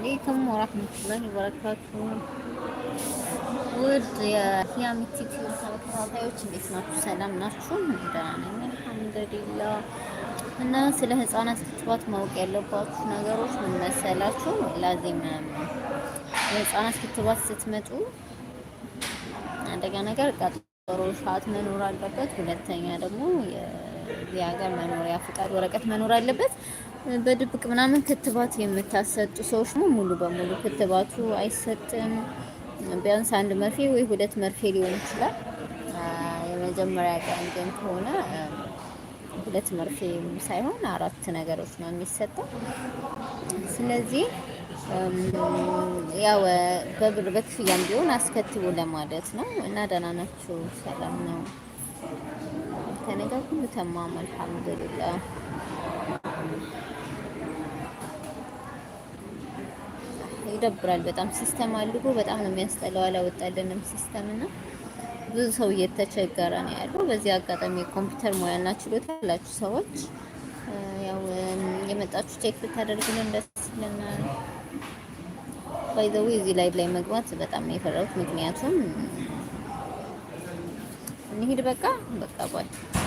አለይኩም ወራህመቱላሂ ወበረካቱሁ። ውድ የሂያሚቲ ቲዩብ ተከታታዮች እንዴት ናችሁ? ሰላም ናችሁ? ደህና ነኝ አልሐምዱሊላህ። እና ስለ ህፃናት ክትባት ማወቅ ያለባችሁ ነገሮች ምን መሰላችሁ? ላዚም የህፃናት ክትባት ስትመጡ አንደኛ ነገር ቀጠሮ ሰዓት መኖር አለበት። ሁለተኛ ደግሞ እዚህ ሀገር መኖሪያ ፍቃድ ወረቀት መኖር አለበት። በድብቅ ምናምን ክትባት የምታሰጡ ሰዎች ነው ሙሉ በሙሉ ክትባቱ አይሰጥም። ቢያንስ አንድ መርፌ ወይ ሁለት መርፌ ሊሆን ይችላል። የመጀመሪያ ቀን ግን ከሆነ ሁለት መርፌ ሳይሆን አራት ነገሮች ነው የሚሰጠው። ስለዚህ ያው በብር በክፍያም ቢሆን አስከትቡ ለማለት ነው እና ደህና ናችሁ? ሰላም ነው። ከነጋ ሁሉ ተማም አልሐምዱሊላህ። ይደብራል በጣም ሲስተም አልጎ በጣም ነው የሚያስጠላው። አላወጣልንም ሲስተም እና ብዙ ሰው እየተቸገረ ነው ያለው። በዚህ አጋጣሚ የኮምፒውተር ሙያና ችሎታ ያላችሁ ሰዎች ያው የመጣችሁ ቼክ ብታደርጉልን ደስ ይለናል። እዚህ ላይቭ ላይ መግባት በጣም ነው የፈራሁት ምክንያቱም እንሂድ በቃ በቃ ባይ